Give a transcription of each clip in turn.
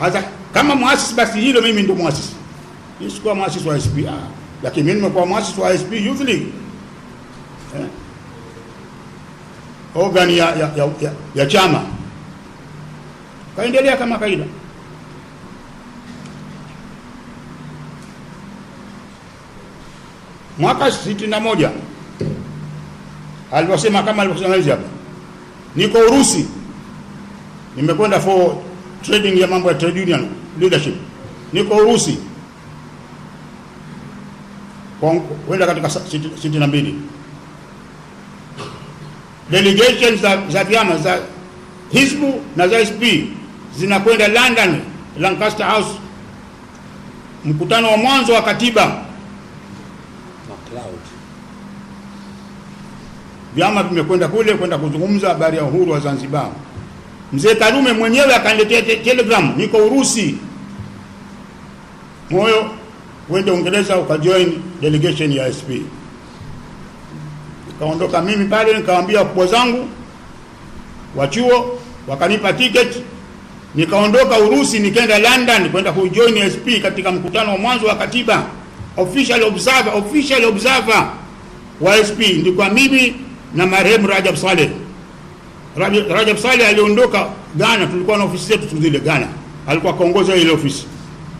Hata kama muasisi basi hilo mimi ndio muasisi. Mimi sikuwa muasisi wa ISP. Ah, lakini mimi nimekuwa muasisi wa ISP Youth League. Eh? Ogani ya, ya, ya, ya, ya chama kaendelea kama kaida. Mwaka sitini na moja alivyosema kama alivyosema hizi hapa, niko Urusi, nimekwenda for trading ya mambo ya trade union leadership, niko Urusi kwenda katika sitini na mbili delegation za, za vyama za Hizbu na za SP zinakwenda London, Lancaster House, mkutano wa mwanzo wa katiba. Vyama vimekwenda kule kwenda kuzungumza habari ya uhuru wa Zanzibar. Mzee Karume mwenyewe akaniletea te telegram, niko Urusi, moyo wende Uingereza ukajoin delegation ya SP. Nikaondoka mimi pale, nikawaambia wakubwa zangu wa chuo, wakanipa ticket, nikaondoka Urusi, nikaenda London kwenda kujoin SP katika mkutano wa mwanzo wa katiba, official observer, official observer wa SP, ndikwa mimi na marehemu Rajab Saleh. Rajab Saleh aliondoka Ghana, tulikuwa na ofisi zetu zile Ghana, alikuwa akaongoza ile ofisi,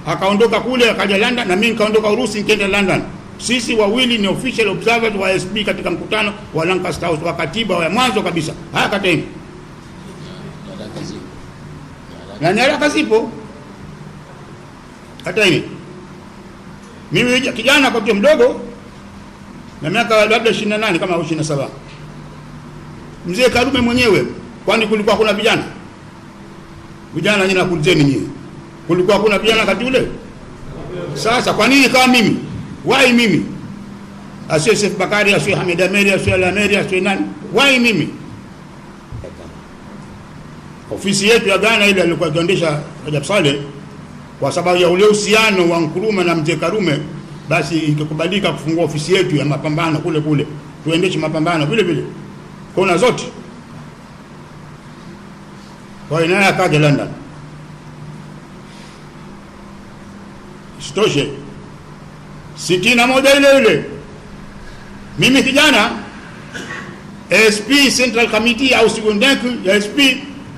akaondoka kule akaja London, na mimi nikaondoka Urusi nikaenda London. Sisi wawili ni official observers wa SP katika mkutano wa Lancaster House wa katiba wa mwanzo kabisa. Haya kateni na nyaraka zipo hata hivi. Mimi kijana kwa mdogo na miaka labda 28 kama 27 mzee Karume mwenyewe, kwani kulikuwa kuna vijana vijana? Nyinyi nakulizeni nyinyi, kulikuwa kuna vijana wakati ule? Sasa kwa nini kama mimi wai mimi asiye Seif Bakari asiye Hamid Ameri asiye Ameri asiye nani, wai mimi? Ofisi yetu ya Ghana ile alikuwa akiendesha Rajab Saleh, kwa sababu ya ule uhusiano wa Nkrumah na mzee Karume, basi ikikubalika kufungua ofisi yetu ya mapambano kule kule, tuendeshe mapambano vile vile kona zote. Kwa hiyo naye akaja London. Isitoshe, sitini na moja ile ile mimi kijana SP Central Committee au sigondeku ya SP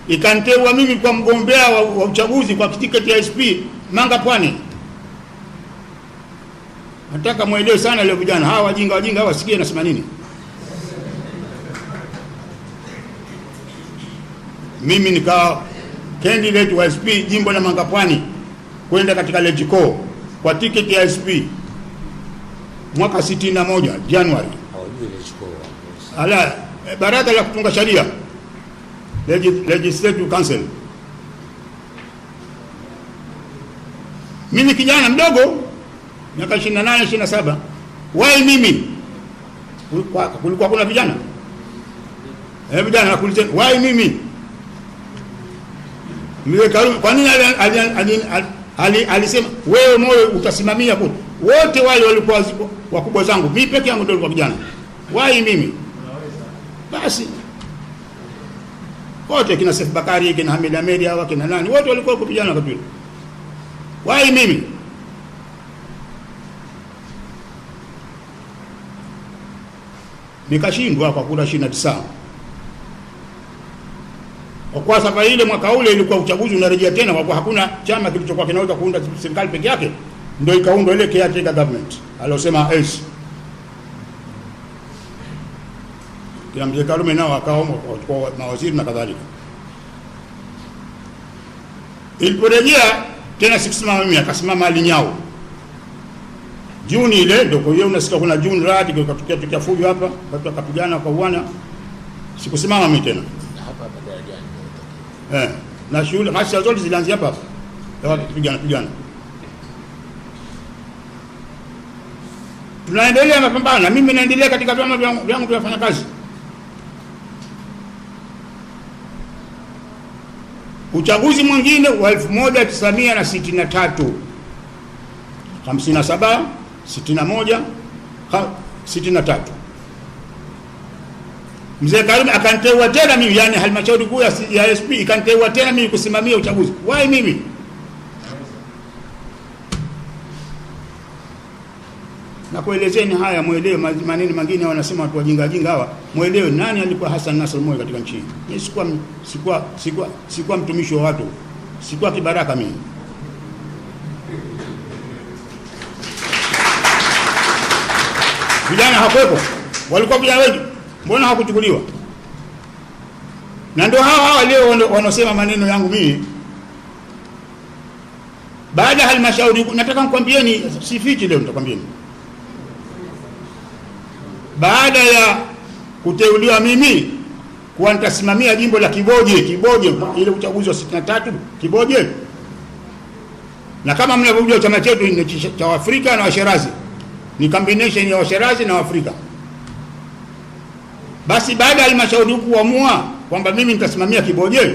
ikanteua mimi kwa mgombea wa, wa uchaguzi kwa tiketi ya SP Manga Pwani. Nataka mwelewe sana leo vijana hawa wajinga wajinga hawa, sikia nasema nini. mimi nikawa candidate wa SP jimbo la Mangapwani kwenda katika LegCo kwa tiketi ya SP mwaka 61 Januari. Ala eh, baraza la kutunga sharia Legislative Council. Mimi kijana mdogo miaka 28 27, why mimi kulikuwa kuna vijana eh, vijana nakuuliza why mimi Mzee Karume kwa nini alisema wewe moyo utasimamia kule? Wote wale walikuwa wakubwa zangu, mimi peke yangu ndio nilikuwa kijana. Wai mimi basi, wote kina Seif Bakari kina Hamid Ahmed hawa kina nani, wote walikuwa vijana wakati ule. Wai mimi nikashindwa kwa kura ishirini na tisa kwa safari ile mwaka ule ilikuwa uchaguzi unarejea tena, kwa hakuna chama kilichokuwa kinaweza kuunda serikali peke yake, ndio ikaundwa ile caretaker government aliosema Elsi kina mzee Karume, nao akaomba kwa mawaziri na kadhalika. Iliporejea tena sikusimama mimi, akasimama alinyao Juni ile ndio. Kwa hiyo unasikia kuna June radi, ikatokea tukia fujo hapa, watu wakapigana kwa uana, sikusimama mimi tena eh, na shule hasa zote zilianzia hapa hapa kupigana yaani, pigana. Tunaendelea mapambano, mimi naendelea katika vyama vyangu vya wafanyakazi. Uchaguzi mwingine wa na 6tatu 1963 57 61 63 Mzee Karume akanteua tena mimi, yani halmashauri kuu ya SP ikanteua tena mimi kusimamia uchaguzi. Wai mimi nakuelezeni haya mwelewe, maneno mengine wanasema watu wajinga jinga hawa, mwelewe nani alikuwa Hassan Nasr Moi katika nchi hii. Sikuwa, sikuwa, sikuwa, sikuwa mtumishi wa watu, sikuwa kibaraka mimi vijana hakuwepo, walikuwa vijana wengi mbona hakuchukuliwa? Na ndio hao hao walio wanaosema maneno yangu mimi baada ya halmashauri. Nataka nikwambieni, sifichi leo, nitakwambieni baada ya kuteuliwa mimi kuwa nitasimamia jimbo la Kiboje, Kiboje ile uchaguzi wa 63 Kiboje, na kama mnavyojua chama chetu ni cha Afrika na Washerazi, ni combination ya Washerazi na Waafrika. Basi baada ya halmashauri huku kuamua kwamba mimi nitasimamia kiboje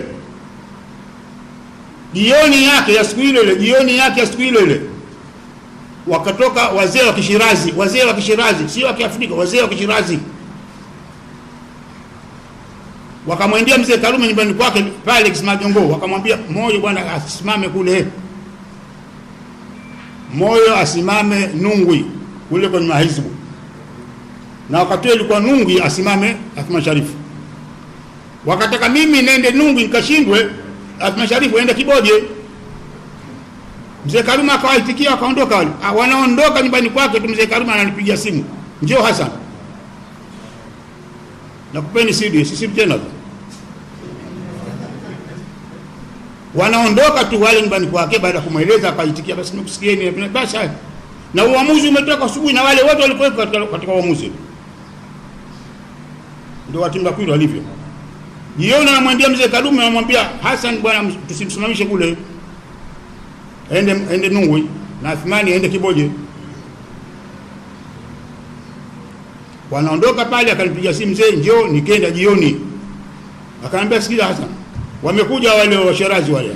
jioni yake ya siku ile ile, jioni yake ya siku ile ile, wakatoka wazee wa Kishirazi, wazee wa Kishirazi, sio wa Kiafrika, wazee wa Kishirazi wakamwendea mzee Karume nyumbani kwake pale Kisimajongo, wakamwambia moyo bwana asimame kule, moyo asimame Nungwi kule kwenye mahizibu na wakati huo ilikuwa Nungwi asimame Athman Sharif. wakataka mimi nende Nungwi nikashindwe, Athman Sharif aende Kiboje. Mzee Karuma akawaitikia akaondoka wale. Ah, wanaondoka nyumbani kwake tu, mzee Karuma ananipigia simu, njoo Hassan. nakupeni CD sisi tena. Wanaondoka tu wale nyumbani kwake, baada ya kumweleza akaitikia, basi nikusikieni basi na uamuzi umetoka asubuhi, na wale wote walikuwa katika uamuzi ndio watunga kwiro walivyo. Jioni anamwambia mzee Kadume, anamwambia Hassan, bwana tusimsimamishe kule, ende ende Nungwi na Athmani aende Kiboje. Wanaondoka pale, akanipiga simu mzee, njoo nikenda jioni. Akaniambia sikiza Hassan, wamekuja wale washarazi wale,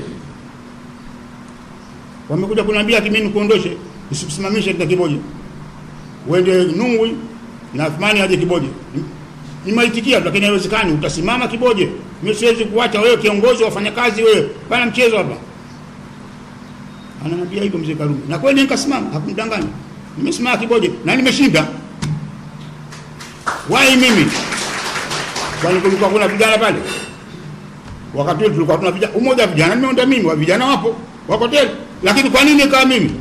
wamekuja kuniambia ati mimi nikuondoshe, nisimsimamishe katika Kiboje, uende Nungwi na Athmani aje Kiboje ni maitikia, lakini haiwezekani. Utasimama kiboje? Mimi siwezi kuacha wewe, kiongozi wa wafanyakazi wewe, bana mchezo hapa. Ananiambia hivyo mzee Karume, na kweli nikasimama, hakumdanganya. Nimesimama kiboje na nimeshinda. Wai mimi kwani kulikuwa kuna vijana pale wakati ule tulikuwa tuna vijana, umoja wa vijana nimeonda mimi, wa vijana wapo wako tele, lakini kwa nini kama mimi?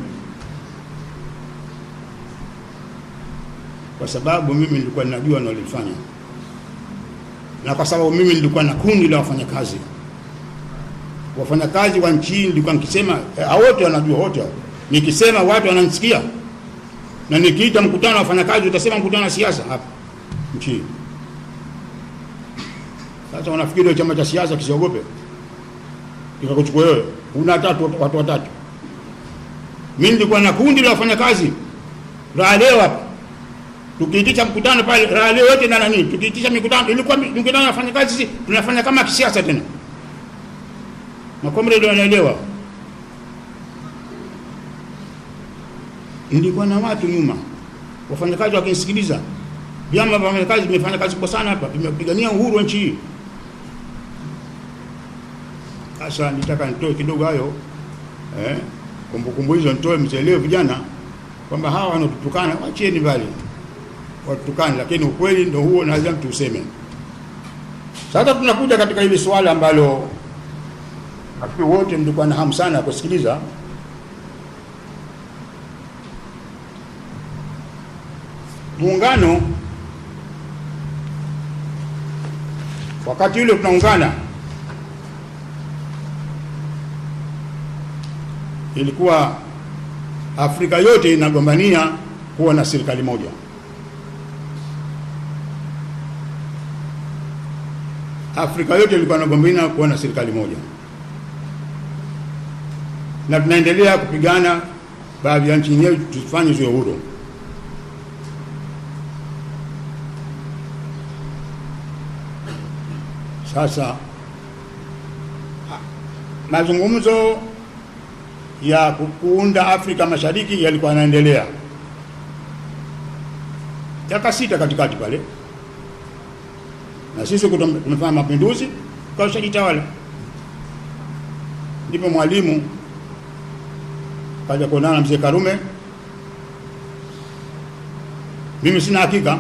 Kwa sababu mimi nilikuwa ninajua nalifanya na kwa sababu mimi nilikuwa na kundi la wafanyakazi wafanyakazi wa nchi, nilikuwa nikisema eh, wote wanajua, wote nikisema watu wananisikia, na nikiita mkutano wa wafanyakazi utasema mkutano wa siasa hapa nchi Sasa wanafikiri chama cha siasa kisiogope kikakuchukua wewe, una tatu watu watatu. Mimi nilikuwa na kundi la wafanyakazi la leo hapa tukiitisha mkutano pale rali yote na nani, tukiitisha mikutano ilikuwa mikutano ya kazi sisi tunafanya kama kisiasa tena. na ndio anaelewa ilikuwa na watu nyuma, wafanyakazi wakisikiliza Vyama vya wafanyakazi vimefanya kazi kwa sana hapa, vimepigania uhuru nchi hii. Sasa nitaka nitoe kidogo hayo eh, kumbukumbu hizo nitoe, mzee leo vijana kwamba hawa wanatutukana wacheni bali watukani, lakini ukweli ndio huo, na lazima tuuseme. Sasa tunakuja katika hili swala ambalo nafikiri wote mlikuwa na hamu sana ya kusikiliza muungano. Wakati ule tunaungana, ilikuwa Afrika yote inagombania kuwa na serikali moja. Afrika yote ilikuwa inagombana kuwa na serikali moja, na tunaendelea kupigana baadhi ya nchi yenyewe tufanye ziwe huru. Sasa mazungumzo ya kuunda Afrika Mashariki yalikuwa yanaendelea, yakasita katikati pale na sisi tumefanya mapinduzi kwa Ndipo Mwalimu kaja kuonana na mzee Karume. Mimi sina hakika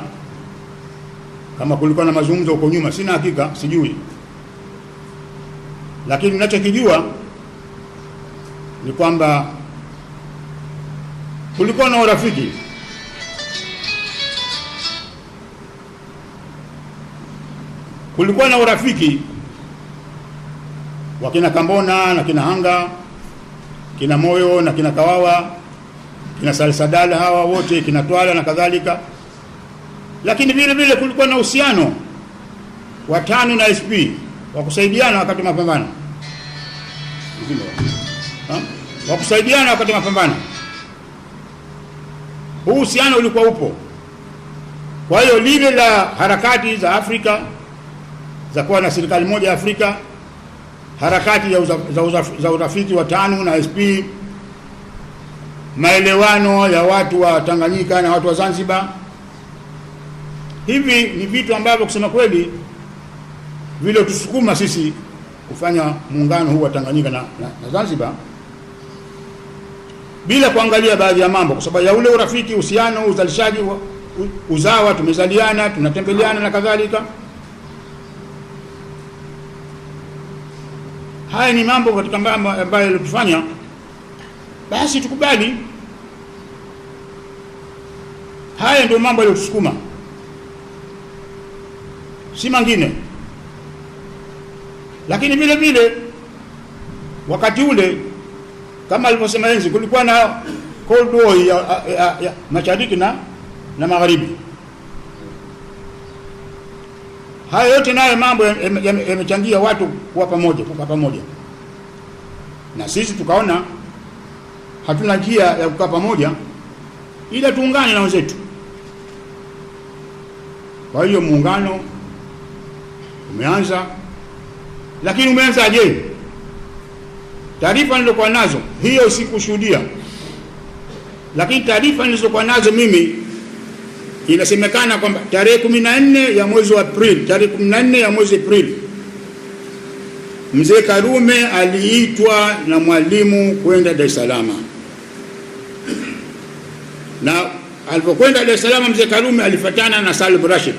kama kulikuwa na mazungumzo huko nyuma, sina hakika, sijui, lakini ninachokijua ni kwamba kulikuwa na urafiki kulikuwa na urafiki wakina Kambona na kina Hanga kina Moyo na kina Kawawa kina salsadal hawa wote kina Twala na kadhalika, lakini vile vile kulikuwa na uhusiano wa TANU na SP wa kusaidiana wakati wa mapambano wa kusaidiana wakati wa mapambano. Huu uhusiano ulikuwa upo. Kwa hiyo lile la harakati za Afrika za kuwa na serikali moja ya Afrika, harakati za, uza, za, uza, za urafiki wa TANU na SP, maelewano ya watu wa Tanganyika na watu wa Zanzibar. Hivi ni vitu ambavyo kusema kweli viliotusukuma sisi kufanya muungano huu wa Tanganyika na, na, na Zanzibar bila kuangalia baadhi ya mambo, kwa sababu ya ule urafiki, uhusiano, uzalishaji, uzawa, tumezaliana, tunatembeleana na kadhalika. Haya ni mambo katika ambayo yalitufanya basi tukubali. Haya ndio mambo yaliyotusukuma, si mangine. Lakini vile vile wakati ule kama alivyosema enzi, kulikuwa na cold war ya mashariki na na magharibi. Hayo yote nayo mambo yamechangia watu kuwa pamoja, kukaa pamoja, na sisi tukaona hatuna njia ya kukaa pamoja ila tuungane na wenzetu. Kwa hiyo muungano umeanza, lakini umeanzaje? Taarifa nilizokuwa nazo hiyo sikushuhudia, lakini taarifa nilizokuwa nazo mimi inasemekana kwamba tarehe 14 ya mwezi wa Aprili, tarehe 14 ya mwezi Aprili mzee Karume aliitwa na mwalimu kwenda Dar es Salaam, na alipokwenda Dar es Salaam mzee Karume alifatana na Salim Rashid.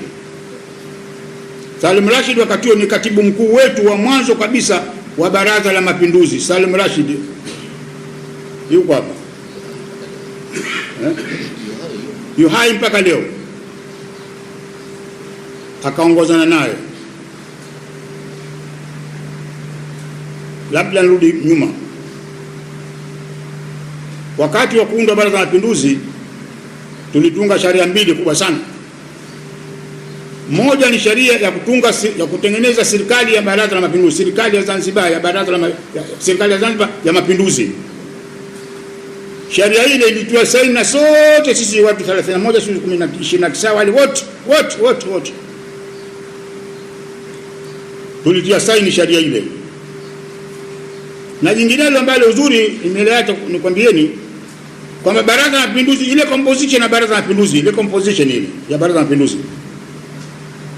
Salim Rashid wakati huo ni katibu mkuu wetu wa mwanzo kabisa wa Baraza la Mapinduzi. Salim Rashid yuko hapa eh? yuhai mpaka leo akaongozana naye. Labda nirudi nyuma, wakati wa kuundwa Baraza la Mapinduzi tulitunga sheria mbili kubwa sana. Moja ni sheria ya kutunga ya kutengeneza serikali ya Baraza la Mapinduzi, serikali ya Zanzibar ya Baraza la serikali ya Zanzibar ya Mapinduzi. Sheria ile ilitiwa saini na sote sisi watu 31 29 wale wote wote wote wote tulitia saini sharia ile. Na jinginelo ambalo uzuri nimeleata nikwambieni kwamba Baraza la Mapinduzi ile composition ya Baraza la Mapinduzi ile composition ile ya Baraza la Mapinduzi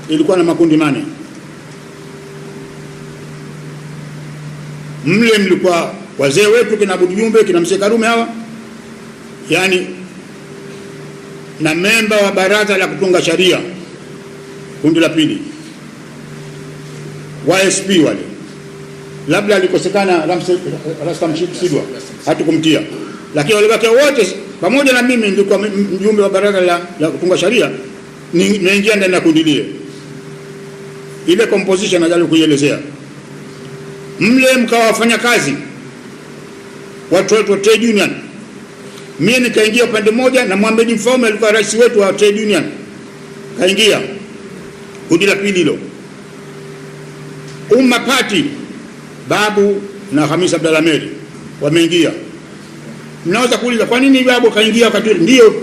ilikuwa na makundi mane. Mle mlikuwa wazee wetu kina Budujumbe kina Mzee Karume hawa, yani na memba wa baraza la kutunga sharia, kundi la pili wa SP wale, labda alikosekana Rastam Sidwa hatukumtia, lakini walibakia wote pamoja na mimi, ndiko mjumbe wa baraza la, la kutunga sharia, nimeingia ndani ya kundi lile. Ile composition najali kuielezea mle, mkawa wafanya kazi watu wetu wa trade union. Mimi nikaingia upande mmoja na Mohamed Mfaume alikuwa rais wetu wa trade union, kaingia kundi la pili hilo. Umma Party Babu na Hamisa Abdalla wameingia. Mnaweza kuuliza kwa nini Babu kaingia wakati ule? Ndio,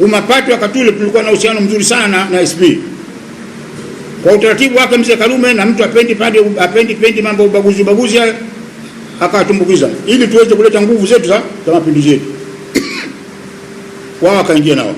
Umma Party wakati ule tulikuwa na uhusiano mzuri sana na SP kwa utaratibu wake mzee Karume, na mtu apendi pande apendi pendi mambo ubaguzi ubaguzi, akatumbukiza ili tuweze kuleta nguvu zetu za mapinduzi yetu. Wao wakaingia nao